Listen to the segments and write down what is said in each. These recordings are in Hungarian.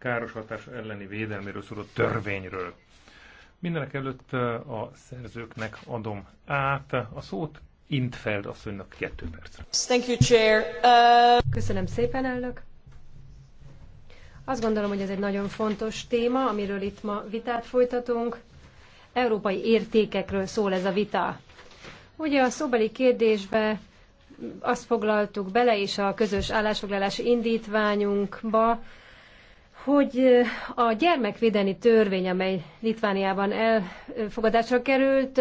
káros hatás elleni védelméről szóló törvényről. Mindenek előtt uh, a szerzőknek adom át a szót Intfeld asszonynak kettő percre. Thank you, Chair. Uh... Köszönöm szépen, elnök. Azt gondolom, hogy ez egy nagyon fontos téma, amiről itt ma vitát folytatunk. Európai értékekről szól ez a vita. Ugye a szóbeli kérdésbe azt foglaltuk bele, és a közös állásfoglalási indítványunkba, hogy a gyermekvédelmi törvény, amely Litvániában elfogadásra került,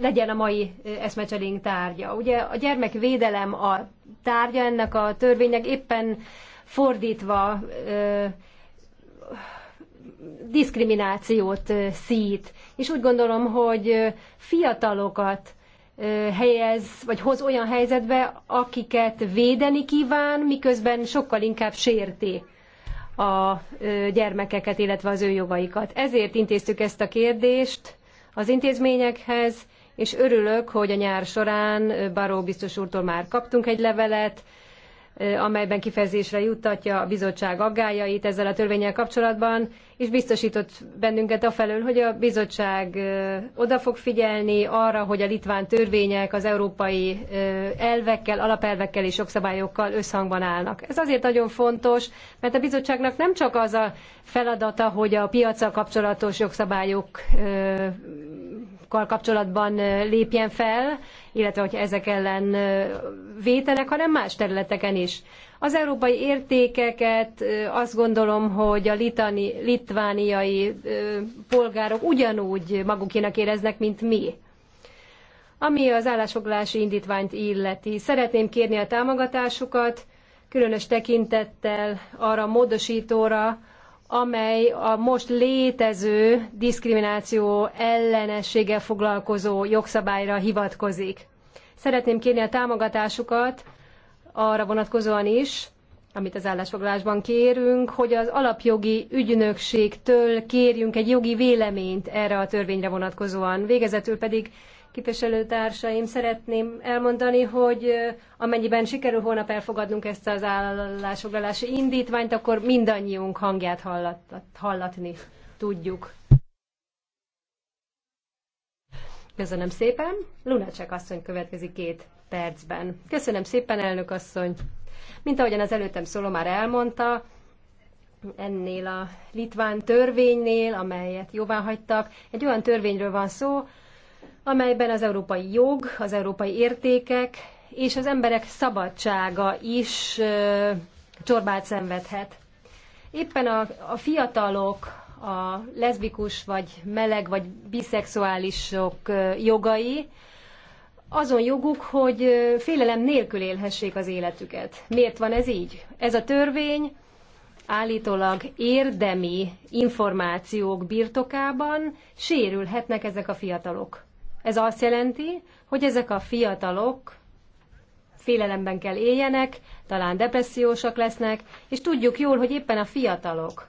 legyen a mai eszmecselénk tárgya. Ugye a gyermekvédelem a tárgya ennek a törvénynek éppen fordítva ö, diszkriminációt szít. És úgy gondolom, hogy fiatalokat helyez, vagy hoz olyan helyzetbe, akiket védeni kíván, miközben sokkal inkább sérti a gyermekeket, illetve az ő jogaikat. Ezért intéztük ezt a kérdést az intézményekhez, és örülök, hogy a nyár során Baró biztos úrtól már kaptunk egy levelet, amelyben kifejezésre juttatja a bizottság aggájait ezzel a törvényel kapcsolatban, és biztosított bennünket afelől, hogy a bizottság oda fog figyelni arra, hogy a litván törvények az európai elvekkel, alapelvekkel és jogszabályokkal összhangban állnak. Ez azért nagyon fontos, mert a bizottságnak nem csak az a feladata, hogy a piacsal kapcsolatos jogszabályokkal kapcsolatban lépjen fel, illetve hogyha ezek ellen vétenek, hanem más területeken is. Az európai értékeket azt gondolom, hogy a litani, litvániai polgárok ugyanúgy magukénak éreznek, mint mi. Ami az állásfoglalási indítványt illeti, szeretném kérni a támogatásukat, különös tekintettel arra a módosítóra, amely a most létező diszkrimináció ellenességgel foglalkozó jogszabályra hivatkozik. Szeretném kérni a támogatásukat arra vonatkozóan is, amit az állásfoglalásban kérünk, hogy az alapjogi ügynökségtől kérjünk egy jogi véleményt erre a törvényre vonatkozóan. Végezetül pedig képviselőtársaim, szeretném elmondani, hogy amennyiben sikerül holnap elfogadnunk ezt az állásfoglalási indítványt, akkor mindannyiunk hangját hallat, hallatni tudjuk. Köszönöm szépen. Lunácsek asszony következik két percben. Köszönöm szépen, elnök asszony. Mint ahogyan az előttem szóló már elmondta, ennél a litván törvénynél, amelyet jóvá hagytak, egy olyan törvényről van szó, amelyben az európai jog, az európai értékek és az emberek szabadsága is csorbát szenvedhet. Éppen a, a fiatalok, a leszbikus vagy meleg vagy biszexuálisok jogai, azon joguk, hogy félelem nélkül élhessék az életüket. Miért van ez így? Ez a törvény állítólag érdemi információk birtokában sérülhetnek ezek a fiatalok. Ez azt jelenti, hogy ezek a fiatalok félelemben kell éljenek, talán depressziósak lesznek, és tudjuk jól, hogy éppen a fiatalok,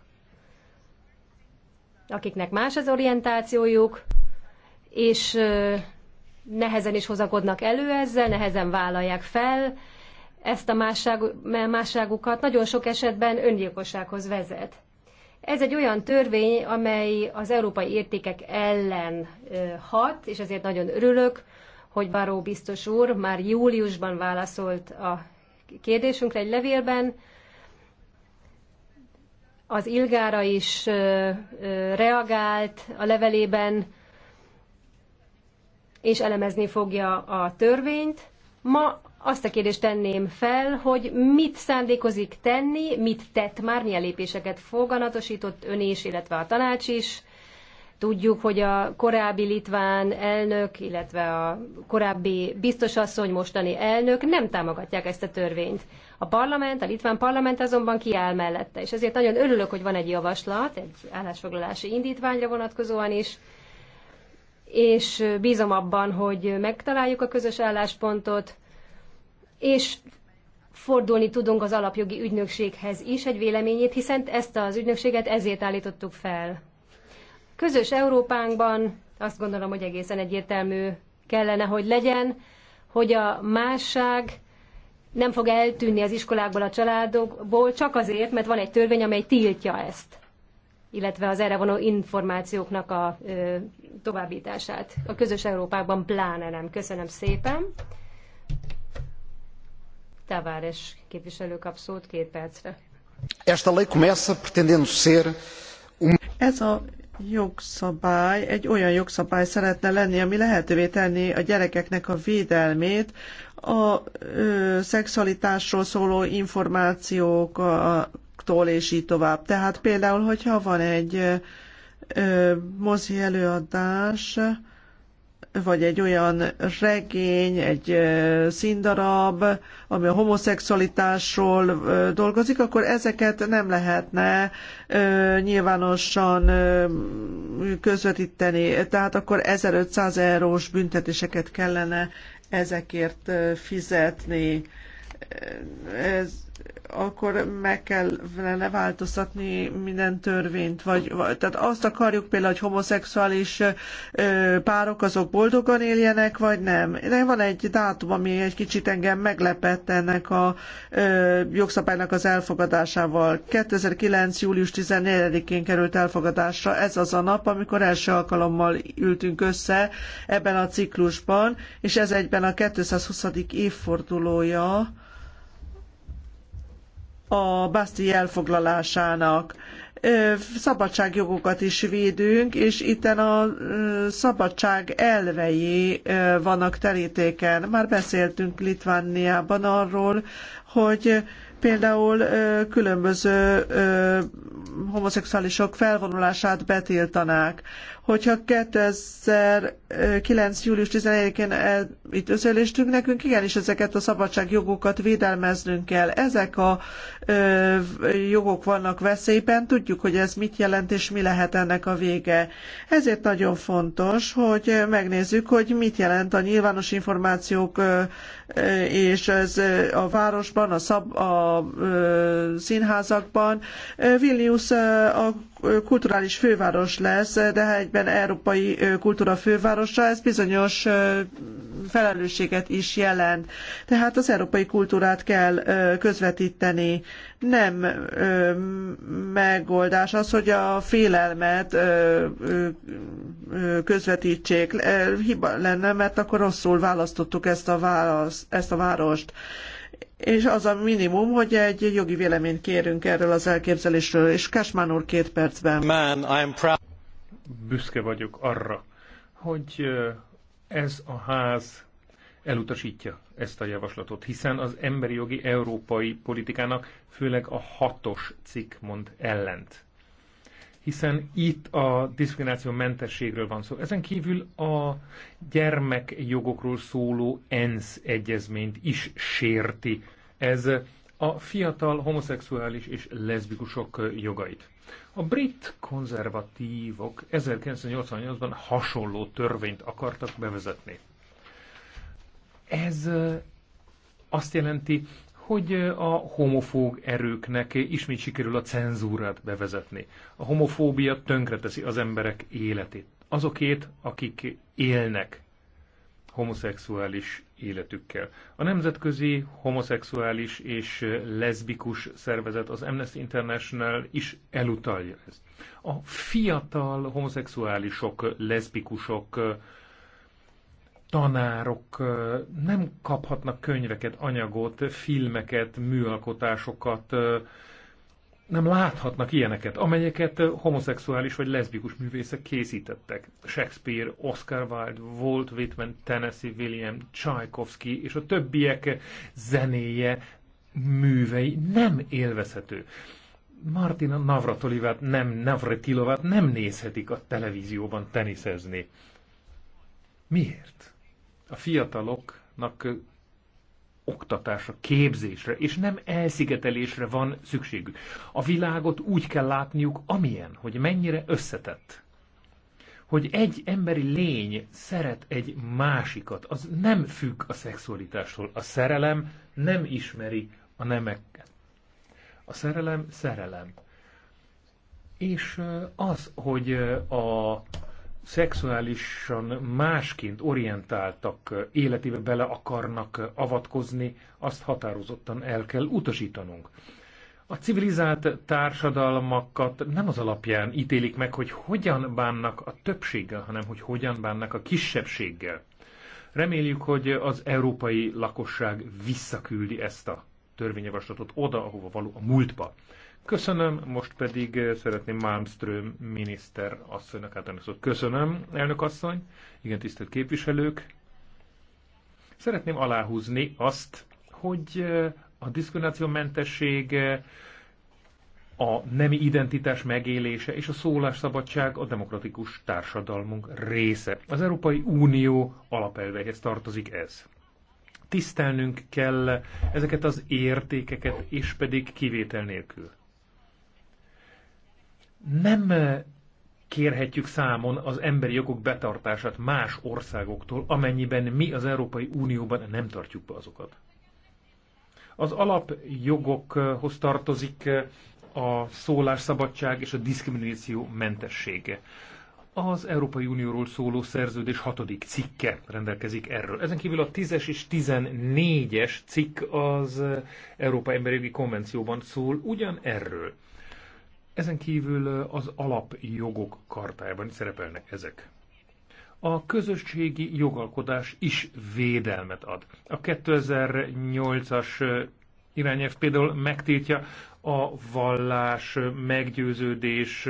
akiknek más az orientációjuk, és nehezen is hozakodnak elő ezzel, nehezen vállalják fel ezt a másságukat, nagyon sok esetben öngyilkossághoz vezet. Ez egy olyan törvény, amely az európai értékek ellen hat, és ezért nagyon örülök, hogy Baró biztos úr már júliusban válaszolt a kérdésünkre egy levélben. Az Ilgára is reagált a levelében, és elemezni fogja a törvényt Ma azt a kérdést tenném fel, hogy mit szándékozik tenni, mit tett már, milyen lépéseket foganatosított ön is, illetve a tanács is. Tudjuk, hogy a korábbi litván elnök, illetve a korábbi biztosasszony, mostani elnök nem támogatják ezt a törvényt. A parlament, a litván parlament azonban kiáll mellette, és ezért nagyon örülök, hogy van egy javaslat, egy állásfoglalási indítványra vonatkozóan is, és bízom abban, hogy megtaláljuk a közös álláspontot, és fordulni tudunk az alapjogi ügynökséghez is egy véleményét, hiszen ezt az ügynökséget ezért állítottuk fel. Közös Európánkban azt gondolom, hogy egészen egyértelmű kellene, hogy legyen, hogy a másság nem fog eltűnni az iskolákból, a családokból, csak azért, mert van egy törvény, amely tiltja ezt illetve az erre vonó információknak a ö, továbbítását. A közös Európában pláne nem. Köszönöm szépen. Tavares képviselő kap szót két percre. Esta lei começa pretendendo ser um... Ez a jogszabály egy olyan jogszabály szeretne lenni, ami lehetővé tenni a gyerekeknek a védelmét, a ö, szexualitásról szóló információk a, tól és így tovább. Tehát például, hogyha van egy ö, mozi előadás, vagy egy olyan regény, egy ö, színdarab, ami a homoszexualitásról ö, dolgozik, akkor ezeket nem lehetne ö, nyilvánosan ö, közvetíteni. Tehát akkor 1500 eurós büntetéseket kellene ezekért fizetni. Ez, akkor meg kellene változtatni minden törvényt, vagy, vagy tehát azt akarjuk például, hogy homoszexuális ö, párok azok boldogan éljenek, vagy nem. De van egy dátum, ami egy kicsit engem meglepett ennek a ö, jogszabálynak az elfogadásával. 2009. július 14-én került elfogadásra. Ez az a nap, amikor első alkalommal ültünk össze ebben a ciklusban, és ez egyben a 220. évfordulója a Bastille elfoglalásának szabadságjogokat is védünk, és itten a szabadság elvei vannak terítéken. Már beszéltünk Litvániában arról, hogy például különböző homoszexuálisok felvonulását betiltanák. Hogyha 2009. július 11-én itt összeülésünk, nekünk igenis ezeket a szabadságjogokat védelmeznünk kell. Ezek a ö, jogok vannak veszélyben, tudjuk, hogy ez mit jelent és mi lehet ennek a vége. Ezért nagyon fontos, hogy megnézzük, hogy mit jelent a nyilvános információk ö, és ez a városban, a, szab, a színházakban. Vilnius a kulturális főváros lesz, de egyben Európai Kultúra Fővárosa, ez bizonyos felelősséget is jelent. Tehát az európai kultúrát kell közvetíteni. Nem megoldás az, hogy a félelmet közvetítsék. Hiba lenne, mert akkor rosszul választottuk ezt a, válasz, ezt a várost és az a minimum, hogy egy jogi véleményt kérünk erről az elképzelésről, és Cashman úr két percben. Man, büszke vagyok arra, hogy eh, ez a ház elutasítja ezt a javaslatot, hiszen az emberi jogi európai politikának főleg a hatos cikk mond ellent. Hiszen itt a diszkrimináció mentességről van szó. Ezen kívül a gyermekjogokról szóló ENSZ egyezményt is sérti. Ez a fiatal homoszexuális és leszbikusok jogait. A brit konzervatívok 1988-ban hasonló törvényt akartak bevezetni. Ez azt jelenti, hogy a homofób erőknek ismét sikerül a cenzúrát bevezetni. A homofóbia tönkreteszi az emberek életét. Azokét, akik élnek homoszexuális életükkel. A Nemzetközi Homoszexuális és Leszbikus Szervezet, az Amnesty International is elutalja ezt. A fiatal homoszexuálisok, leszbikusok, tanárok nem kaphatnak könyveket, anyagot, filmeket, műalkotásokat, nem láthatnak ilyeneket, amelyeket homoszexuális vagy leszbikus művészek készítettek. Shakespeare, Oscar Wilde, Walt Whitman, Tennessee William, Tchaikovsky és a többiek zenéje, művei nem élvezhető. Martina Navratolivát, nem Navratilovát nem nézhetik a televízióban teniszezni. Miért? A fiataloknak oktatásra, képzésre, és nem elszigetelésre van szükségük. A világot úgy kell látniuk, amilyen, hogy mennyire összetett. Hogy egy emberi lény szeret egy másikat, az nem függ a szexualitástól. A szerelem nem ismeri a nemeket. A szerelem szerelem. És az, hogy a szexuálisan másként orientáltak eh, életébe bele akarnak eh, avatkozni, azt határozottan el kell utasítanunk. A civilizált társadalmakat nem az alapján ítélik meg, hogy hogyan bánnak a többséggel, hanem hogy hogyan bánnak a kisebbséggel. Reméljük, hogy az európai lakosság visszaküldi ezt a törvényjavaslatot oda, ahova való a múltba. Köszönöm, most pedig eh, szeretném Malmström miniszter asszonynak átadni szót. Köszönöm, elnök asszony, igen, tisztelt képviselők. Szeretném aláhúzni azt, hogy eh, a diszkriminációmentesség, eh, a nemi identitás megélése és a szólásszabadság a demokratikus társadalmunk része. Az Európai Unió alapelveihez tartozik ez tisztelnünk kell ezeket az értékeket, és pedig kivétel nélkül nem kérhetjük számon az emberi jogok betartását más országoktól, amennyiben mi az Európai Unióban nem tartjuk be azokat. Az alapjogokhoz tartozik a szólásszabadság és a diszkrimináció mentessége. Az Európai Unióról szóló szerződés hatodik cikke rendelkezik erről. Ezen kívül a 10-es és 14-es cikk az Európai Emberi Jogi Konvencióban szól ugyan erről. Ezen kívül az alapjogok kartájában szerepelnek ezek. A közösségi jogalkodás is védelmet ad. A 2008-as irányelv például megtiltja a vallás, meggyőződés,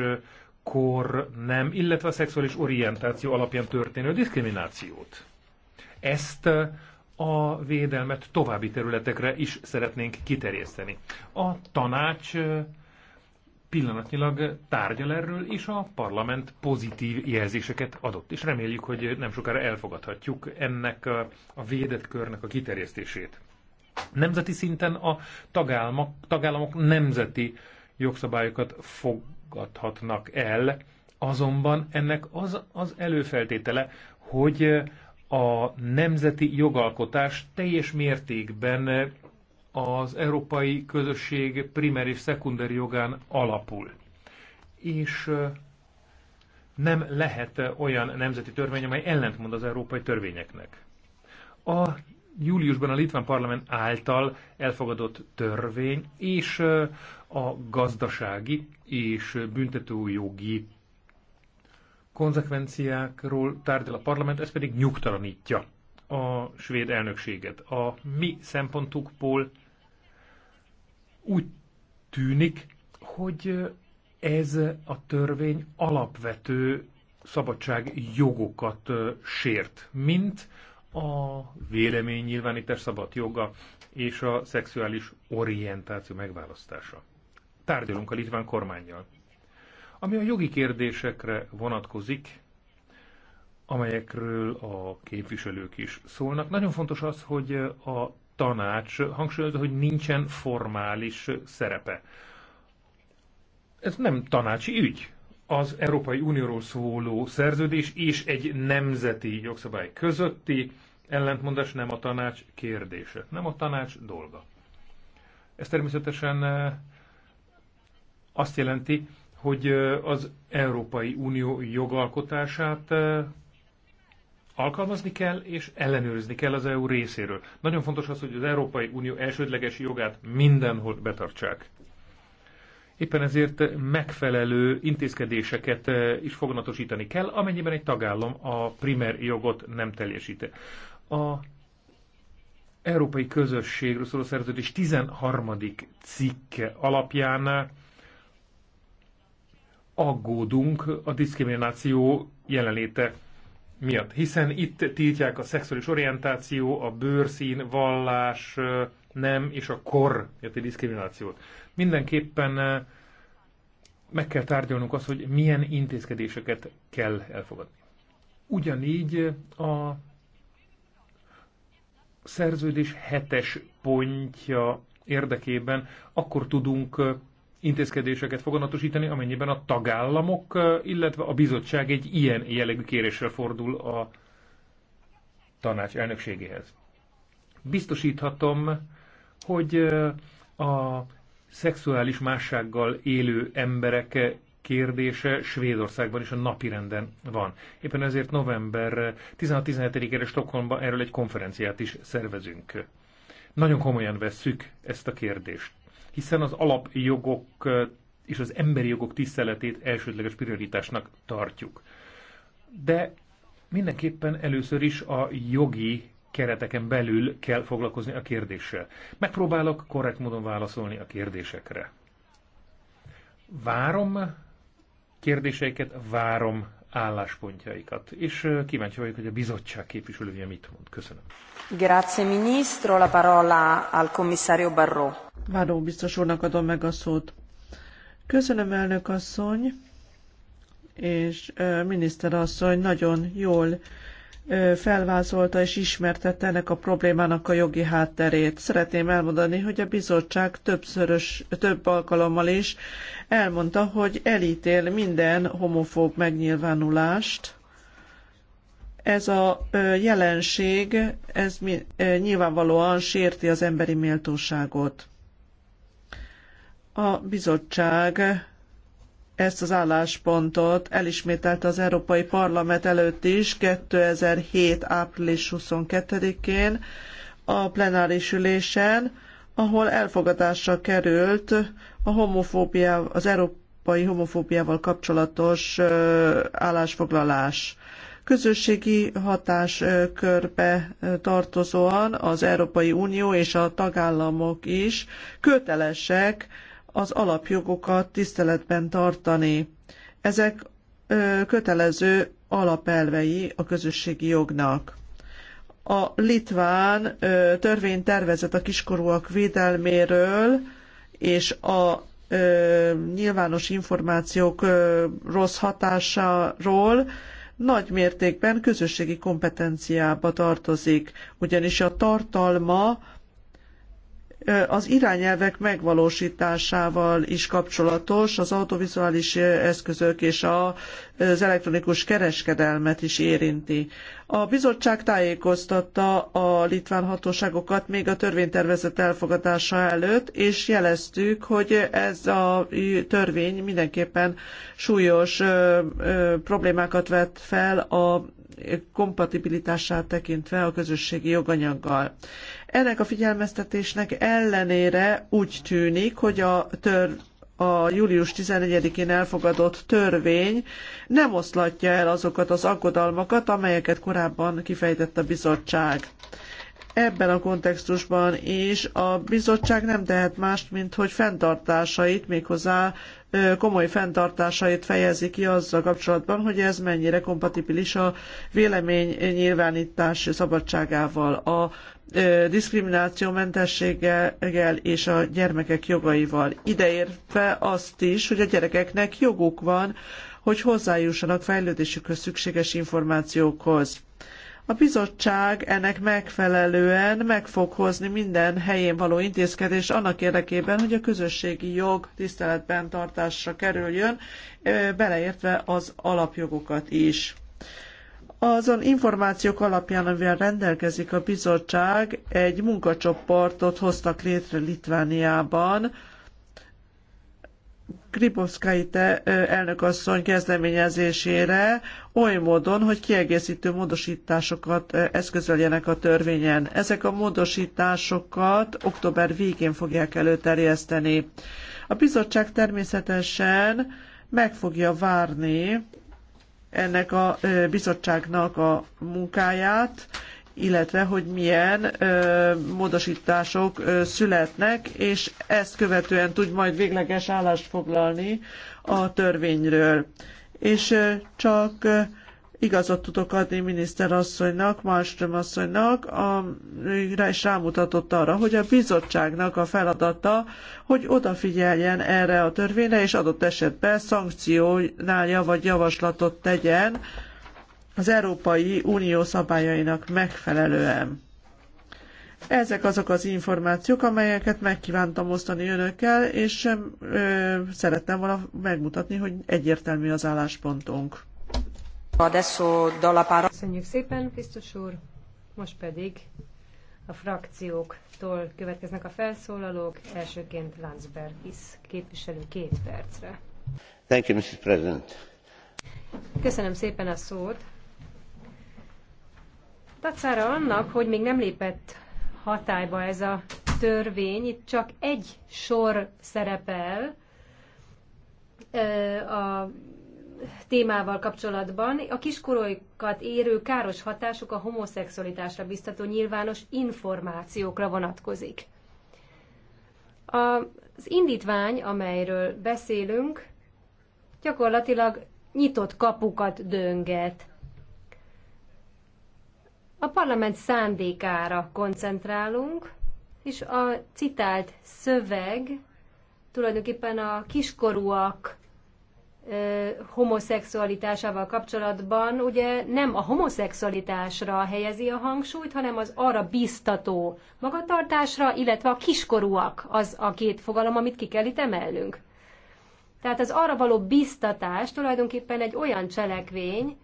kor, nem, illetve a szexuális orientáció alapján történő diszkriminációt. Ezt a védelmet további területekre is szeretnénk kiterjeszteni. A tanács pillanatnyilag tárgyal erről, és a parlament pozitív jelzéseket adott, és reméljük, hogy nem sokára elfogadhatjuk ennek a, a védett körnek a kiterjesztését. Nemzeti szinten a tagállamok, tagállamok nemzeti jogszabályokat fogadhatnak el, azonban ennek az az előfeltétele, hogy a nemzeti jogalkotás teljes mértékben az európai közösség primer és szekunder jogán alapul. És nem lehet olyan nemzeti törvény, amely ellentmond az európai törvényeknek. A júliusban a litván parlament által elfogadott törvény és a gazdasági és büntetőjogi konzekvenciákról tárgyal a parlament, ez pedig nyugtalanítja a svéd elnökséget. A mi szempontukból úgy tűnik, hogy ez a törvény alapvető szabadságjogokat sért, mint a véleménynyilvánítás szabad joga és a szexuális orientáció megválasztása. Tárgyalunk a litván kormányjal. Ami a jogi kérdésekre vonatkozik, amelyekről a képviselők is szólnak. Nagyon fontos az, hogy a tanács hangsúlyozza, hogy nincsen formális szerepe. Ez nem tanácsi ügy. Az Európai Unióról szóló szerződés és egy nemzeti jogszabály közötti ellentmondás nem a tanács kérdése, nem a tanács dolga. Ez természetesen eh, azt jelenti, hogy eh, az Európai Unió jogalkotását eh, alkalmazni kell és ellenőrizni kell az EU részéről. Nagyon fontos az, hogy az Európai Unió elsődleges jogát mindenhol betartsák. Éppen ezért megfelelő intézkedéseket eh, is foganatosítani kell, amennyiben egy tagállam a primer jogot nem teljesíti. A Európai Közösségről szóló szerződés 13. cikke alapján aggódunk a diszkrimináció jelenléte miatt, hiszen itt tiltják a szexuális orientáció, a bőrszín, vallás, nem és a kor miatti diszkriminációt. Mindenképpen meg kell tárgyalnunk azt, hogy milyen intézkedéseket kell elfogadni. Ugyanígy a szerződés hetes pontja érdekében akkor tudunk intézkedéseket foganatosítani, amennyiben a tagállamok, illetve a bizottság egy ilyen jellegű kérésre fordul a tanács elnökségéhez. Biztosíthatom, hogy a szexuális mássággal élő emberek kérdése Svédországban is a napirenden van. Éppen ezért november 16-17-ére Stockholmban erről egy konferenciát is szervezünk. Nagyon komolyan vesszük ezt a kérdést hiszen az alapjogok és az emberi jogok tiszteletét elsődleges prioritásnak tartjuk. De mindenképpen először is a jogi kereteken belül kell foglalkozni a kérdéssel. Megpróbálok korrekt módon válaszolni a kérdésekre. Várom kérdéseiket, várom álláspontjaikat. És kíváncsi vagyok, hogy a bizottság képviselője mit mond. Köszönöm. Grazie, ministro. La parola al commissario Barro. Váró biztos úrnak adom meg a szót. Köszönöm, elnök asszony, és miniszter asszony nagyon jól felvázolta és ismertette ennek a problémának a jogi hátterét. Szeretném elmondani, hogy a bizottság többszörös, több alkalommal is elmondta, hogy elítél minden homofób megnyilvánulást. Ez a jelenség, ez nyilvánvalóan sérti az emberi méltóságot. A bizottság ezt az álláspontot elismételte az Európai Parlament előtt is 2007. április 22-én a plenáris ülésen, ahol elfogadásra került a homofóbia, az európai homofóbiával kapcsolatos állásfoglalás közösségi hatáskörbe tartozóan az Európai Unió és a tagállamok is kötelesek az alapjogokat tiszteletben tartani. Ezek kötelező alapelvei a közösségi jognak. A litván törvénytervezet a kiskorúak védelméről és a nyilvános információk rossz hatásáról nagy mértékben közösségi kompetenciába tartozik, ugyanis a tartalma az irányelvek megvalósításával is kapcsolatos, az autovizuális eszközök és az elektronikus kereskedelmet is érinti. A bizottság tájékoztatta a litván hatóságokat még a törvénytervezet elfogadása előtt, és jeleztük, hogy ez a törvény mindenképpen súlyos problémákat vet fel a kompatibilitását tekintve a közösségi joganyaggal. Ennek a figyelmeztetésnek ellenére úgy tűnik, hogy a tör a július 14-én elfogadott törvény nem oszlatja el azokat az aggodalmakat, amelyeket korábban kifejtett a bizottság. Ebben a kontextusban is a bizottság nem tehet mást, mint hogy fenntartásait, méghozzá komoly fenntartásait fejezi ki azzal kapcsolatban, hogy ez mennyire kompatibilis a vélemény nyilvánítás szabadságával, a diszkriminációmentességgel és a gyermekek jogaival. Ideértve azt is, hogy a gyerekeknek joguk van, hogy hozzájussanak fejlődésükhöz szükséges információkhoz. A bizottság ennek megfelelően meg fog hozni minden helyén való intézkedést annak érdekében, hogy a közösségi jog tiszteletben tartásra kerüljön, beleértve az alapjogokat is. Azon információk alapján, amivel rendelkezik a bizottság, egy munkacsoportot hoztak létre Litvániában, Kriposzkaite elnökasszony kezdeményezésére oly módon, hogy kiegészítő módosításokat eszközöljenek a törvényen. Ezek a módosításokat október végén fogják előterjeszteni. A bizottság természetesen meg fogja várni ennek a bizottságnak a munkáját, illetve hogy milyen ö, módosítások ö, születnek, és ezt követően tud majd végleges állást foglalni a törvényről. És ö, csak ö, igazat tudok adni miniszterasszonynak, Malmström asszonynak, a, és rámutatott arra, hogy a bizottságnak a feladata, hogy odafigyeljen erre a törvényre, és adott esetben szankcionálja vagy javaslatot tegyen, az Európai Unió szabályainak megfelelően. Ezek azok az információk, amelyeket megkívántam osztani önökkel, és ö, szerettem volna megmutatni, hogy egyértelmű az álláspontunk. Köszönjük szépen, biztos úr! Most pedig a frakcióktól következnek a felszólalók, elsőként Landsbergis képviselő két percre. Thank you, Mrs. President. Köszönöm szépen a szót. Tacára annak, hogy még nem lépett hatályba ez a törvény, itt csak egy sor szerepel a témával kapcsolatban. A kiskorúkat érő káros hatások a homoszexualitásra biztató nyilvános információkra vonatkozik. Az indítvány, amelyről beszélünk, gyakorlatilag nyitott kapukat dönget a parlament szándékára koncentrálunk, és a citált szöveg tulajdonképpen a kiskorúak ö, homoszexualitásával kapcsolatban ugye nem a homoszexualitásra helyezi a hangsúlyt, hanem az arra biztató magatartásra, illetve a kiskorúak az a két fogalom, amit ki kell itt emelnünk. Tehát az arra való biztatás tulajdonképpen egy olyan cselekvény,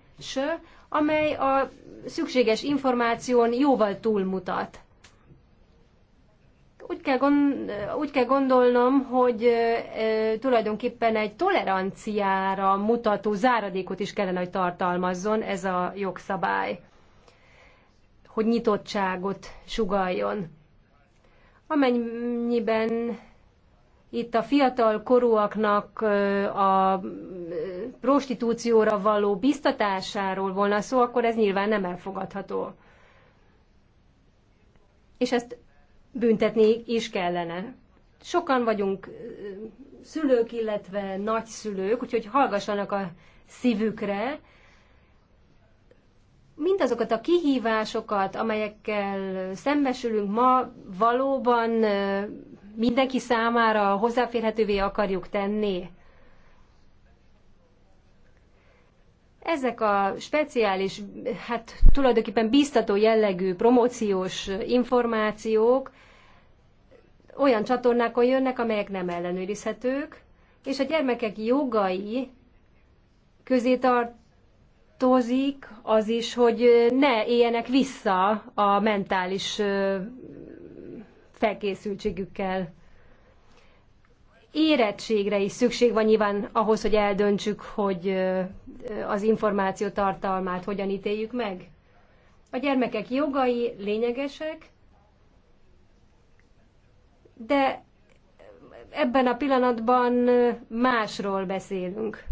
amely a szükséges információn jóval túlmutat. Úgy kell, gond, úgy kell gondolnom, hogy e, tulajdonképpen egy toleranciára mutató záradékot is kellene, hogy tartalmazzon ez a jogszabály, hogy nyitottságot sugaljon. Amennyiben itt a fiatal korúaknak a prostitúcióra való biztatásáról volna szó, akkor ez nyilván nem elfogadható. És ezt büntetni is kellene. Sokan vagyunk szülők, illetve nagyszülők, úgyhogy hallgassanak a szívükre, mindazokat a kihívásokat, amelyekkel szembesülünk ma, valóban mindenki számára hozzáférhetővé akarjuk tenni. Ezek a speciális, hát tulajdonképpen biztató jellegű promóciós információk olyan csatornákon jönnek, amelyek nem ellenőrizhetők, és a gyermekek jogai közé tartozik az is, hogy ne éljenek vissza a mentális felkészültségükkel érettségre is szükség van nyilván ahhoz, hogy eldöntsük, hogy az információ tartalmát hogyan ítéljük meg. A gyermekek jogai lényegesek, de ebben a pillanatban másról beszélünk.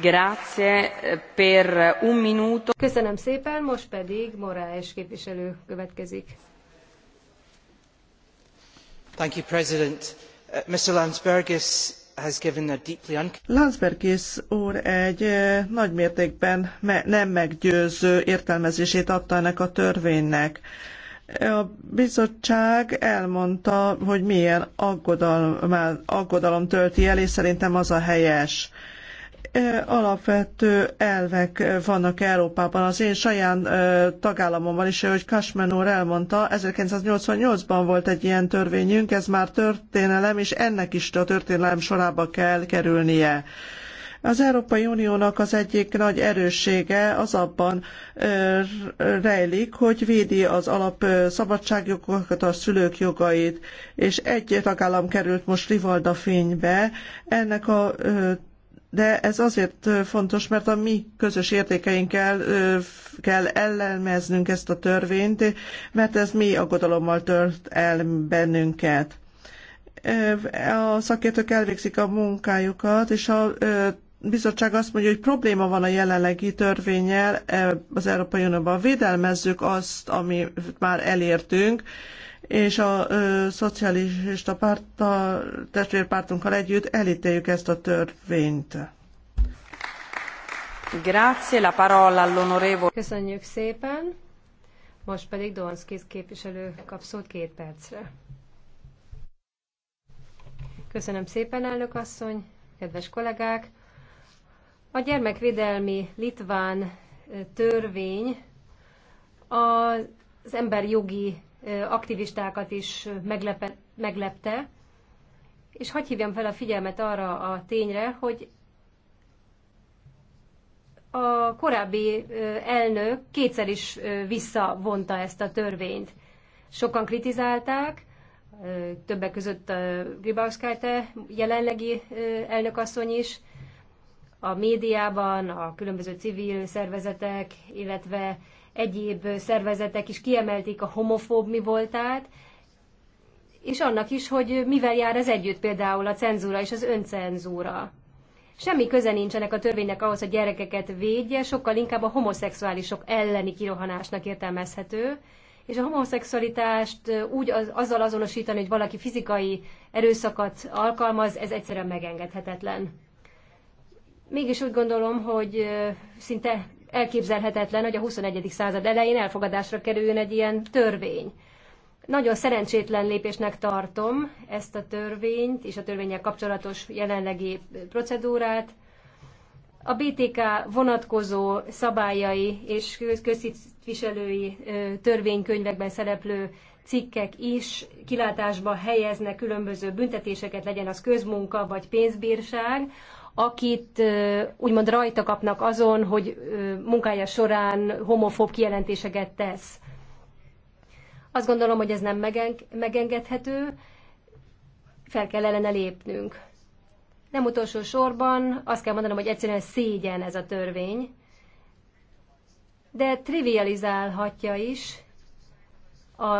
Grazie eh, per un minuto. Köszönöm szépen, most pedig Moraes képviselő következik mr president uh, mr landsbergis has given a deeply Landsbergis úr egy uh, nagy mértékben me nem meggyőző értelmezését adta ennek a törvénynek. A bizottság elmondta, hogy milyen aggodalom, aggodalom tölti el, és szerintem az a helyes alapvető elvek vannak Európában. Az én saját tagállamomban is, hogy Kasmen úr elmondta, 1988-ban volt egy ilyen törvényünk, ez már történelem, és ennek is a történelem sorába kell kerülnie. Az Európai Uniónak az egyik nagy erőssége az abban rejlik, hogy védi az alap szabadságjogokat, a szülők jogait, és egy tagállam került most Rivalda fénybe. Ennek a de ez azért fontos, mert a mi közös értékeinkkel kell ellemeznünk ezt a törvényt, mert ez mi aggodalommal tört el bennünket. A szakértők elvégzik a munkájukat, és a bizottság azt mondja, hogy probléma van a jelenlegi törvényel az Európai Unióban. Védelmezzük azt, amit már elértünk, és a ö, szocialista párttal, testvérpártunkkal együtt elítéljük ezt a törvényt. Grazie, la parola all'onorevole. Köszönjük szépen. Most pedig Donszkis képviselő kap szót két percre. Köszönöm szépen, elnök asszony, kedves kollégák! A gyermekvédelmi litván törvény az emberjogi aktivistákat is meglepe, meglepte, és hagyj hívjam fel a figyelmet arra a tényre, hogy a korábbi elnök kétszer is visszavonta ezt a törvényt. Sokan kritizálták, többek között Gribauskajte jelenlegi elnökasszony is, a médiában, a különböző civil szervezetek, illetve egyéb szervezetek is kiemelték a homofób mi voltát, és annak is, hogy mivel jár ez együtt például a cenzúra és az öncenzúra. Semmi köze nincsenek a törvénynek ahhoz, hogy gyerekeket védje, sokkal inkább a homoszexuálisok elleni kirohanásnak értelmezhető, és a homoszexualitást úgy az, azzal azonosítani, hogy valaki fizikai erőszakat alkalmaz, ez egyszerűen megengedhetetlen. Mégis úgy gondolom, hogy szinte elképzelhetetlen, hogy a 21. század elején elfogadásra kerüljön egy ilyen törvény. Nagyon szerencsétlen lépésnek tartom ezt a törvényt és a törvényel kapcsolatos jelenlegi procedúrát. A BTK vonatkozó szabályai és közviselői törvénykönyvekben szereplő cikkek is kilátásba helyeznek különböző büntetéseket, legyen az közmunka vagy pénzbírság, akit úgymond rajta kapnak azon, hogy munkája során homofób kijelentéseket tesz. Azt gondolom, hogy ez nem megengedhető, fel kell ellene lépnünk. Nem utolsó sorban azt kell mondanom, hogy egyszerűen szégyen ez a törvény, de trivializálhatja is a,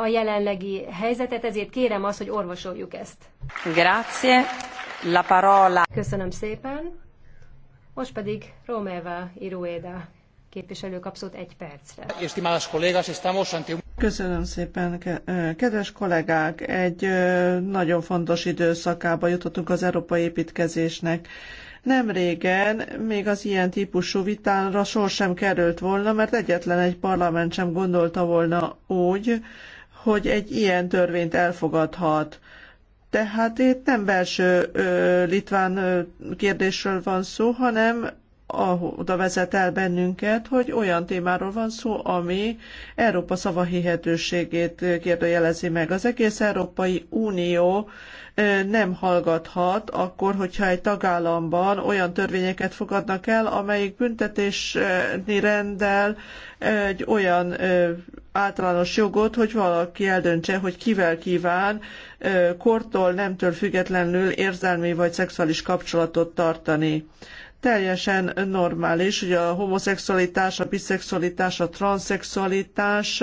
a jelenlegi helyzetet, ezért kérem azt, hogy orvosoljuk ezt. Grazie la parola. Köszönöm szépen. Most pedig Romeva Irueda képviselők abszolút egy percre. Estimadas kollégás, estamos ante Köszönöm szépen, kedves kollégák! Egy nagyon fontos időszakába jutottunk az európai építkezésnek. Nem régen még az ilyen típusú vitánra sor sem került volna, mert egyetlen egy parlament sem gondolta volna úgy, hogy egy ilyen törvényt elfogadhat tehát itt nem belső litván kérdésről van szó, hanem oda vezet el bennünket, hogy olyan témáról van szó, ami Európa szava hihetőségét kérdőjelezi meg. Az egész Európai Unió nem hallgathat akkor, hogyha egy tagállamban olyan törvényeket fogadnak el, amelyik büntetésni rendel egy olyan általános jogot, hogy valaki eldöntse, hogy kivel kíván kortól, nemtől függetlenül érzelmi vagy szexuális kapcsolatot tartani teljesen normális, hogy a homoszexualitás, a biszexualitás, a transzexualitás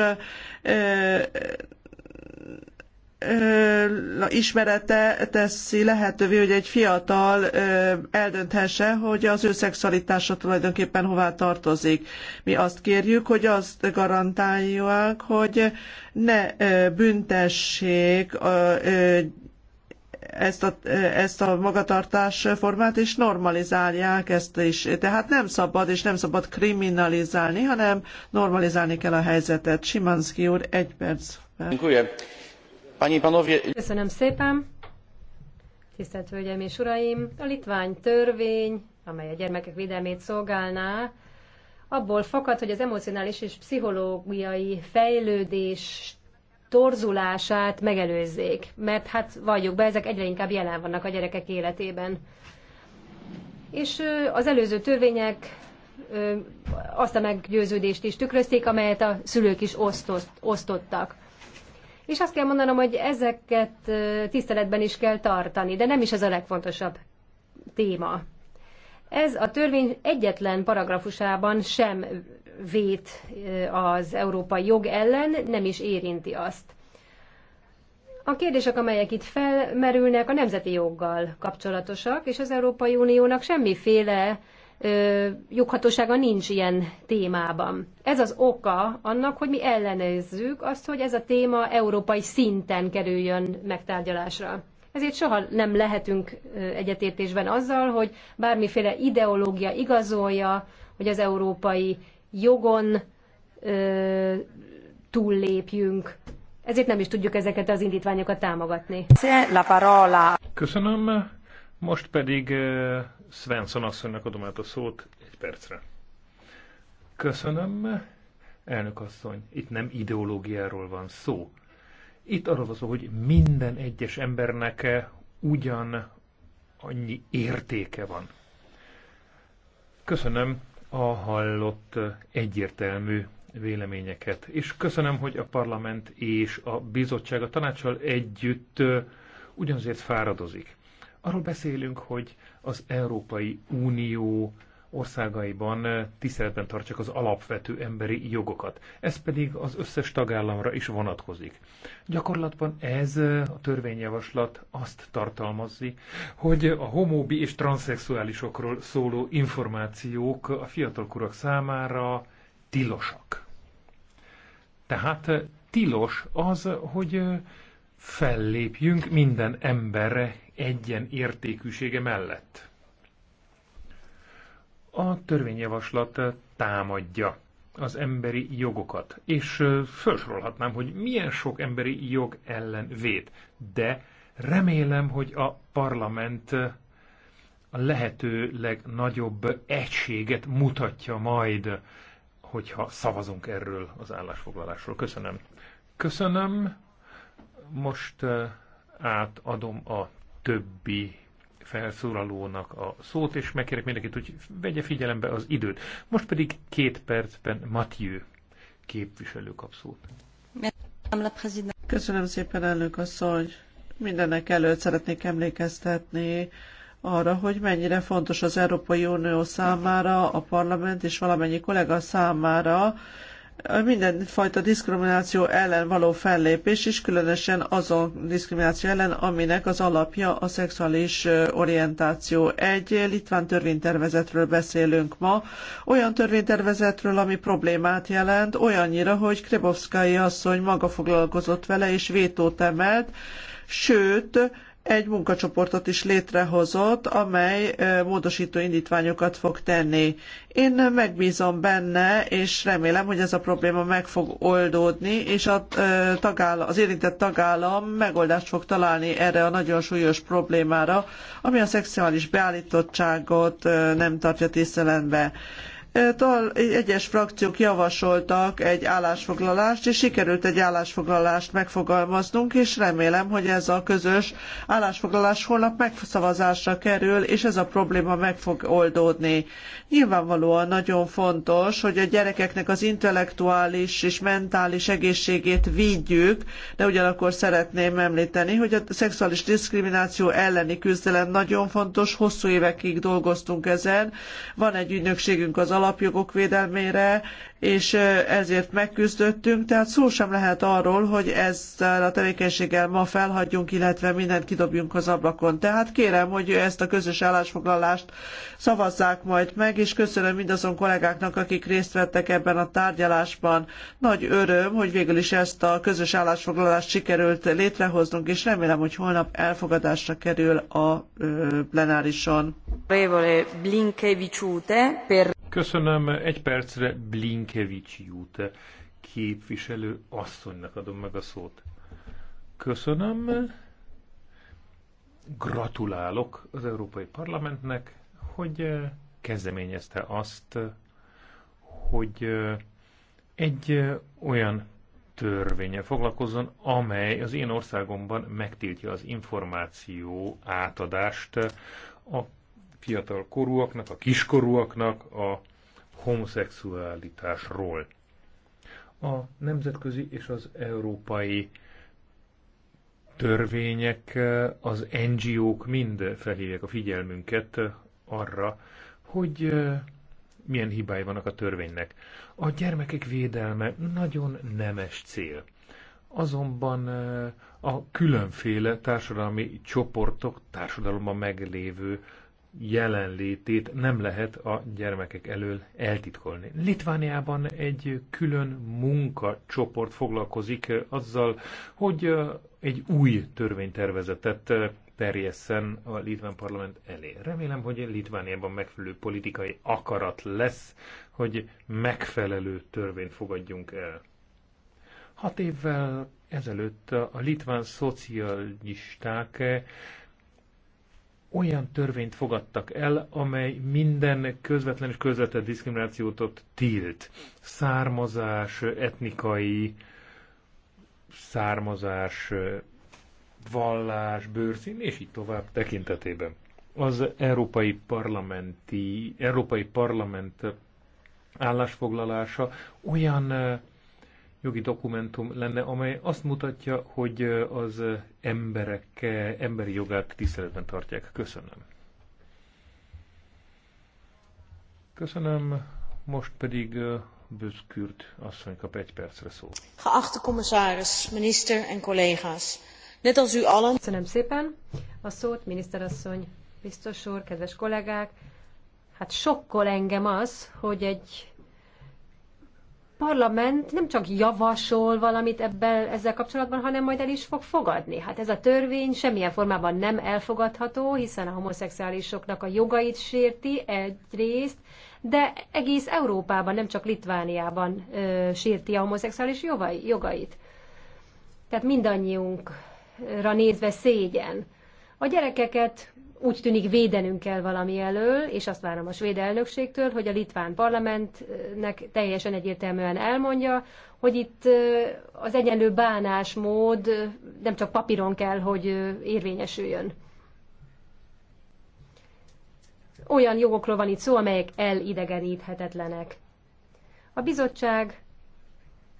ismerete teszi lehetővé, hogy egy fiatal eldönthesse, hogy az ő szexualitása tulajdonképpen hová tartozik. Mi azt kérjük, hogy azt garantálják, hogy ne büntessék ezt a, ezt a magatartásformát, és normalizálják ezt is. Tehát nem szabad, és nem szabad kriminalizálni, hanem normalizálni kell a helyzetet. Simanski úr, egy perc. Köszönöm szépen. Tisztelt Hölgyeim és Uraim! A litvány törvény, amely a gyermekek védelmét szolgálná, abból fakad, hogy az emocionális és pszichológiai fejlődést torzulását megelőzzék, mert hát valljuk be, ezek egyre inkább jelen vannak a gyerekek életében. És az előző törvények azt a meggyőződést is tükrözték, amelyet a szülők is osztott, osztottak. És azt kell mondanom, hogy ezeket tiszteletben is kell tartani, de nem is ez a legfontosabb téma. Ez a törvény egyetlen paragrafusában sem vét az európai jog ellen, nem is érinti azt. A kérdések, amelyek itt felmerülnek, a nemzeti joggal kapcsolatosak, és az Európai Uniónak semmiféle ö, joghatósága nincs ilyen témában. Ez az oka annak, hogy mi ellenezzük azt, hogy ez a téma európai szinten kerüljön megtárgyalásra. Ezért soha nem lehetünk egyetértésben azzal, hogy bármiféle ideológia igazolja, hogy az európai jogon ö, túllépjünk. Ezért nem is tudjuk ezeket az indítványokat támogatni. La parola. Köszönöm. Most pedig uh, Svensson asszonynak adom át a szót egy percre. Köszönöm. Elnök asszony, itt nem ideológiáról van szó. Itt arról van szó, hogy minden egyes embernek ugyan annyi értéke van. Köszönöm a hallott egyértelmű véleményeket. És köszönöm, hogy a parlament és a bizottság a tanácssal együtt ugyanazért fáradozik. Arról beszélünk, hogy az Európai Unió országaiban tiszteletben tartsák az alapvető emberi jogokat. Ez pedig az összes tagállamra is vonatkozik. Gyakorlatban ez a törvényjavaslat azt tartalmazzi, hogy a homóbi és transzexuálisokról szóló információk a fiatalkorok számára tilosak. Tehát tilos az, hogy fellépjünk minden emberre egyen értékűsége mellett a törvényjavaslat támadja az emberi jogokat, és felsorolhatnám, hogy milyen sok emberi jog ellen véd, de remélem, hogy a parlament a lehető legnagyobb egységet mutatja majd, hogyha szavazunk erről az állásfoglalásról. Köszönöm. Köszönöm. Most átadom a többi felszólalónak a szót, és megkérek mindenkit, hogy vegye figyelembe az időt. Most pedig két percben Mathieu képviselő kap szót. Köszönöm szépen, elnök asszony! Mindenek előtt szeretnék emlékeztetni arra, hogy mennyire fontos az Európai Unió számára, a parlament és valamennyi kollega számára, mindenfajta diszkrimináció ellen való fellépés, is különösen azon diszkrimináció ellen, aminek az alapja a szexuális orientáció. Egy litván törvénytervezetről beszélünk ma, olyan törvénytervezetről, ami problémát jelent, olyannyira, hogy Krebovszkai asszony maga foglalkozott vele, és vétót emelt, sőt, egy munkacsoportot is létrehozott, amely módosító indítványokat fog tenni. Én megbízom benne, és remélem, hogy ez a probléma meg fog oldódni, és a, tagállam, az érintett tagállam megoldást fog találni erre a nagyon súlyos problémára, ami a szexuális beállítottságot nem tartja tiszteletbe egyes frakciók javasoltak egy állásfoglalást, és sikerült egy állásfoglalást megfogalmaznunk, és remélem, hogy ez a közös állásfoglalás holnap megszavazásra kerül, és ez a probléma meg fog oldódni. Nyilvánvalóan nagyon fontos, hogy a gyerekeknek az intellektuális és mentális egészségét védjük, de ugyanakkor szeretném említeni, hogy a szexuális diszkrimináció elleni küzdelem nagyon fontos, hosszú évekig dolgoztunk ezen, van egy ügynökségünk az alap alapjogok védelmére és ezért megküzdöttünk, tehát szó sem lehet arról, hogy ezzel a tevékenységgel ma felhagyjunk, illetve mindent kidobjunk az ablakon. Tehát kérem, hogy ezt a közös állásfoglalást szavazzák majd meg, és köszönöm mindazon kollégáknak, akik részt vettek ebben a tárgyalásban. Nagy öröm, hogy végül is ezt a közös állásfoglalást sikerült létrehoznunk, és remélem, hogy holnap elfogadásra kerül a plenárison. Köszönöm egy percre Blink Blinkevics Jute képviselő asszonynak adom meg a szót. Köszönöm, gratulálok az Európai Parlamentnek, hogy eh, kezdeményezte azt, hogy eh, egy eh, olyan törvénye foglalkozzon, amely az én országomban megtiltja az információ átadást a fiatal korúaknak, a kiskorúaknak, a homoszexualitásról. A nemzetközi és az európai törvények, az NGO-k mind felhívják a figyelmünket arra, hogy eh, milyen hibái vannak a törvénynek. A gyermekek védelme nagyon nemes cél. Azonban eh, a különféle társadalmi csoportok, társadalomban meglévő jelenlétét nem lehet a gyermekek elől eltitkolni. Litvániában egy külön munkacsoport foglalkozik azzal, hogy egy új törvénytervezetet terjesszen a litván parlament elé. Remélem, hogy Litvániában megfelelő politikai akarat lesz, hogy megfelelő törvényt fogadjunk el. Hat évvel ezelőtt a litván szocialisták olyan törvényt fogadtak el, amely minden közvetlen és közvetlen diszkriminációt tilt. Származás, etnikai származás, vallás, bőrszín, és így tovább tekintetében. Az Európai, Parlamenti, Európai Parlament állásfoglalása olyan jogi dokumentum lenne, amely azt mutatja, hogy az emberek emberi jogát tiszteletben tartják. Köszönöm. Köszönöm. Most pedig Buskürt asszony kap egy percre szót. Geachte commissaris, minister en collega's. Net als u allen... Köszönöm szépen a szót, miniszterasszony, biztos úr, kedves kollégák. Hát sokkol engem az, hogy egy parlament nem csak javasol valamit ebben, ezzel kapcsolatban, hanem majd el is fog fogadni. Hát ez a törvény semmilyen formában nem elfogadható, hiszen a homoszexuálisoknak a jogait sérti egyrészt, de egész Európában, nem csak Litvániában ö, sérti a homoszexuális jogait. Tehát mindannyiunkra nézve szégyen. A gyerekeket úgy tűnik védenünk kell valami elől, és azt várom a svéd elnökségtől, hogy a litván parlamentnek teljesen egyértelműen elmondja, hogy itt az egyenlő bánásmód nem csak papíron kell, hogy érvényesüljön. Olyan jogokról van itt szó, amelyek elidegeníthetetlenek. A bizottság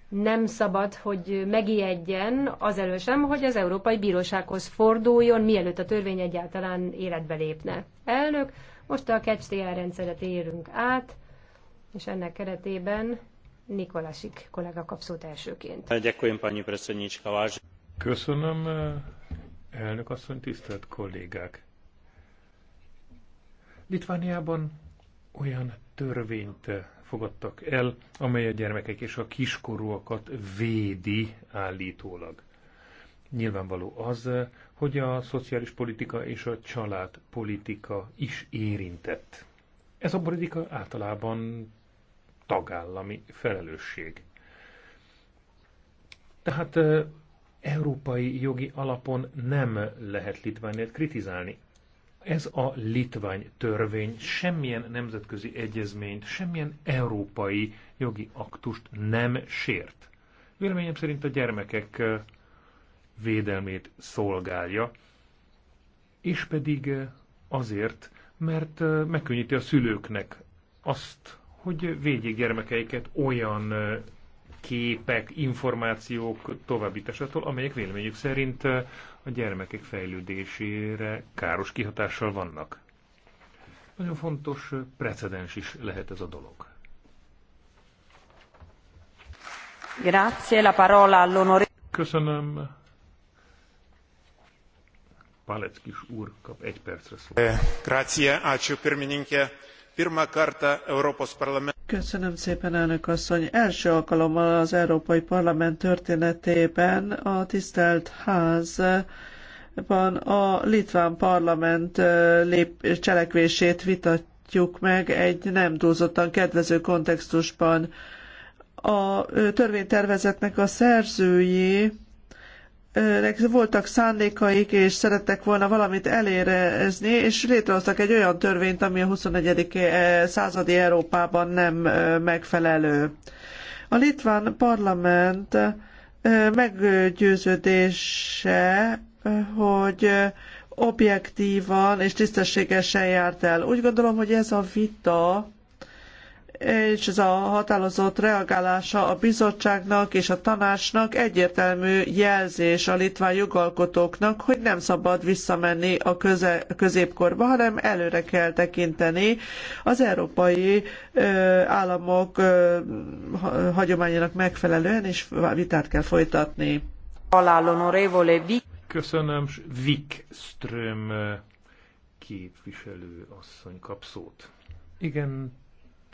nem szabad, hogy megijedjen az sem, hogy az Európai Bírósághoz forduljon, mielőtt a törvény egyáltalán életbe lépne. Elnök, most a KCTR rendszeret érünk át, és ennek keretében Nikolasik kollega kap szót elsőként. Köszönöm, elnök asszony, tisztelt kollégák! Litvániában olyan törvényt fogadtak el, amely a gyermekek és a kiskorúakat védi állítólag. Nyilvánvaló az, hogy a szociális politika és a családpolitika is érintett. Ez a politika általában tagállami felelősség. Tehát európai jogi alapon nem lehet Litvániát kritizálni. Ez a litvány törvény semmilyen nemzetközi egyezményt, semmilyen európai jogi aktust nem sért. Véleményem szerint a gyermekek védelmét szolgálja, és pedig azért, mert megkönnyíti a szülőknek azt, hogy védjék gyermekeiket olyan képek, információk továbbításától, amelyek véleményük szerint a gyermekek fejlődésére káros kihatással vannak. Nagyon fontos precedens is lehet ez a dolog. Grazie la parola all'onore. Köszönöm. Paleckis úr kap egy percre szó. Eh, grazie, ácsú pirmininke. Pirma karta Európos Parlament. Köszönöm szépen, elnök asszony. Első alkalommal az Európai Parlament történetében a tisztelt ház a litván parlament lép, cselekvését vitatjuk meg egy nem túlzottan kedvező kontextusban. A törvénytervezetnek a szerzői voltak szándékaik, és szerettek volna valamit elérezni, és létrehoztak egy olyan törvényt, ami a 21. Eh, századi Európában nem megfelelő. A litván parlament meggyőződése, hogy objektívan és tisztességesen járt el. Úgy gondolom, hogy ez a vita és ez a határozott reagálása a bizottságnak és a tanácsnak egyértelmű jelzés a litván jogalkotóknak, hogy nem szabad visszamenni a középkorba, hanem előre kell tekinteni az európai államok ö, hagyományának megfelelően, és vitát kell folytatni. Köszönöm, Wikström képviselő asszony kap szót. Igen,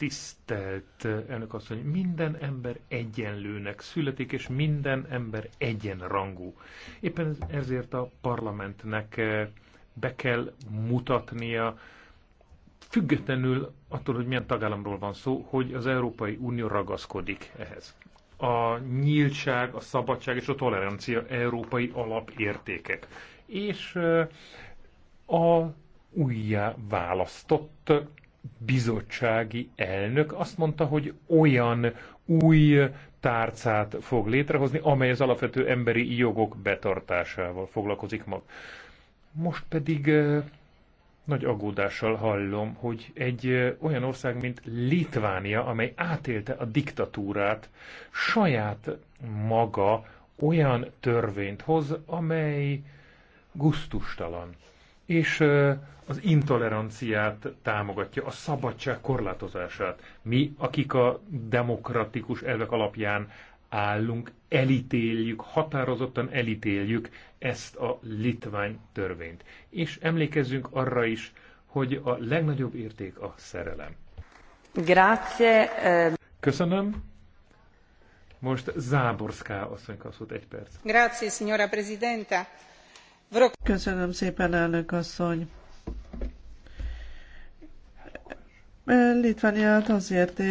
Tisztelt elnök asszony, minden ember egyenlőnek születik, és minden ember egyenrangú. Éppen ezért a parlamentnek eh, be kell mutatnia, függetlenül attól, hogy milyen tagállamról van szó, hogy az Európai Unió ragaszkodik ehhez. A nyíltság, a szabadság és a tolerancia európai alapértékek. És eh, a újjá választott bizottsági elnök azt mondta, hogy olyan új tárcát fog létrehozni, amely az alapvető emberi jogok betartásával foglalkozik mag. Most pedig nagy aggódással hallom, hogy egy olyan ország, mint Litvánia, amely átélte a diktatúrát, saját maga olyan törvényt hoz, amely guztustalan és az intoleranciát támogatja, a szabadság korlátozását. Mi, akik a demokratikus elvek alapján állunk, elítéljük, határozottan elítéljük ezt a litvány törvényt. És emlékezzünk arra is, hogy a legnagyobb érték a szerelem. Grazie. Köszönöm. Most Záborská asszony kapszott egy perc. Grazie, signora Presidenta. Köszönöm szépen, elnök asszony. Litvániát azért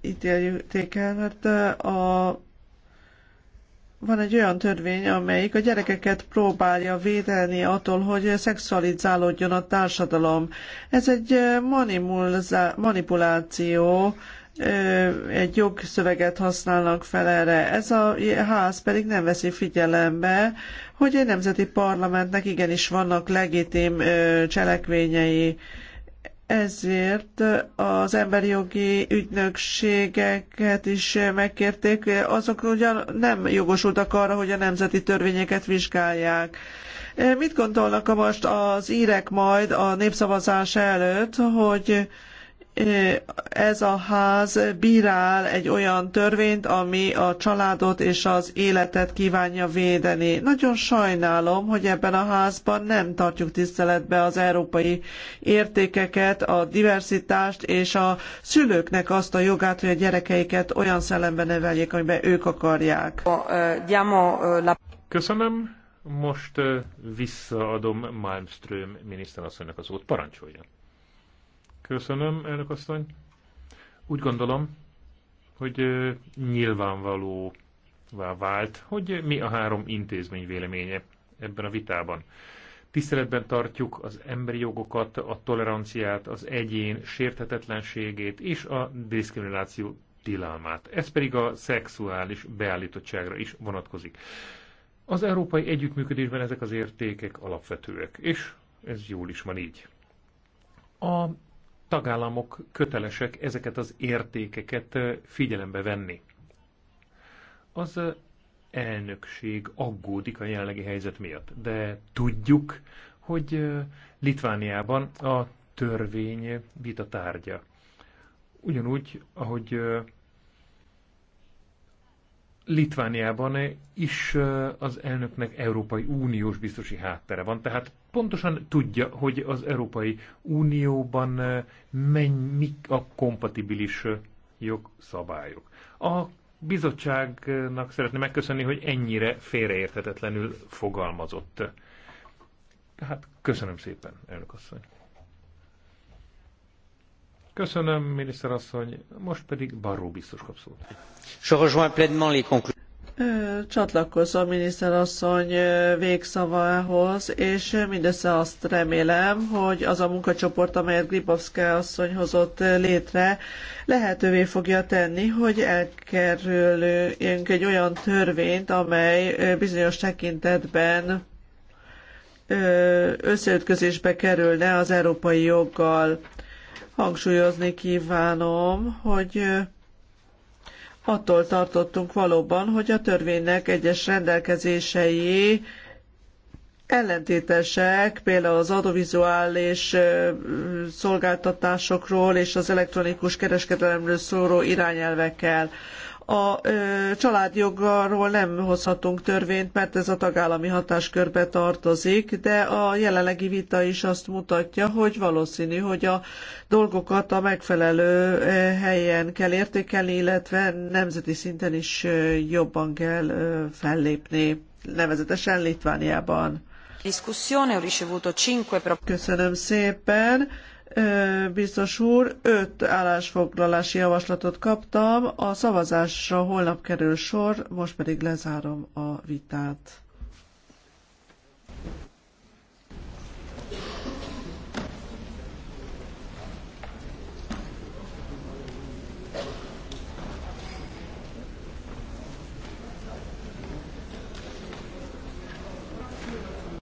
ítélték el, mert a van egy olyan törvény, amelyik a gyerekeket próbálja védeni attól, hogy szexualizálódjon a társadalom. Ez egy manipuláció, egy jogszöveget használnak fel erre. Ez a ház pedig nem veszi figyelembe, hogy egy nemzeti parlamentnek igenis vannak legitim cselekvényei. Ezért az emberi jogi ügynökségeket is megkérték, azok ugyan nem jogosultak arra, hogy a nemzeti törvényeket vizsgálják. Mit gondolnak a most az írek majd a népszavazás előtt, hogy ez a ház bírál egy olyan törvényt, ami a családot és az életet kívánja védeni. Nagyon sajnálom, hogy ebben a házban nem tartjuk tiszteletbe az európai értékeket, a diversitást és a szülőknek azt a jogát, hogy a gyerekeiket olyan szellemben neveljék, amiben ők akarják. Köszönöm. Most visszaadom Malmström miniszterasszonynak az szót. Parancsoljon. Köszönöm, elnök asszony. Úgy gondolom, hogy nyilvánvaló vált, hogy mi a három intézmény véleménye ebben a vitában. Tiszteletben tartjuk az emberi jogokat, a toleranciát, az egyén sérthetetlenségét és a diszkrimináció tilalmát. Ez pedig a szexuális beállítottságra is vonatkozik. Az európai együttműködésben ezek az értékek alapvetőek, és ez jól is van így. A tagállamok kötelesek ezeket az értékeket figyelembe venni. Az elnökség aggódik a jelenlegi helyzet miatt, de tudjuk, hogy Litvániában a törvény vita tárgya. Ugyanúgy, ahogy Litvániában is az elnöknek Európai Uniós biztosi háttere van, tehát pontosan tudja, hogy az Európai Unióban eh, menny, mik a kompatibilis eh, jogszabályok. A bizottságnak szeretném megköszönni, hogy ennyire félreérthetetlenül fogalmazott. Hát köszönöm szépen, elnök asszony. Köszönöm, miniszter asszony. Most pedig Barró biztos kap szót. Csatlakozom miniszterasszony végszavához, és mindössze azt remélem, hogy az a munkacsoport, amelyet Gribovszka asszony hozott létre, lehetővé fogja tenni, hogy elkerüljünk egy olyan törvényt, amely bizonyos tekintetben összeütközésbe kerülne az európai joggal. Hangsúlyozni kívánom, hogy attól tartottunk valóban, hogy a törvénynek egyes rendelkezései ellentétesek, például az audiovizuális szolgáltatásokról és az elektronikus kereskedelemről szóló irányelvekkel a családjogról nem hozhatunk törvényt, mert ez a tagállami hatáskörbe tartozik, de a jelenlegi vita is azt mutatja, hogy valószínű, hogy a dolgokat a megfelelő helyen kell értékelni, illetve nemzeti szinten is jobban kell fellépni, nevezetesen Litvániában. Köszönöm szépen biztos úr, öt állásfoglalási javaslatot kaptam, a szavazásra holnap kerül sor, most pedig lezárom a vitát.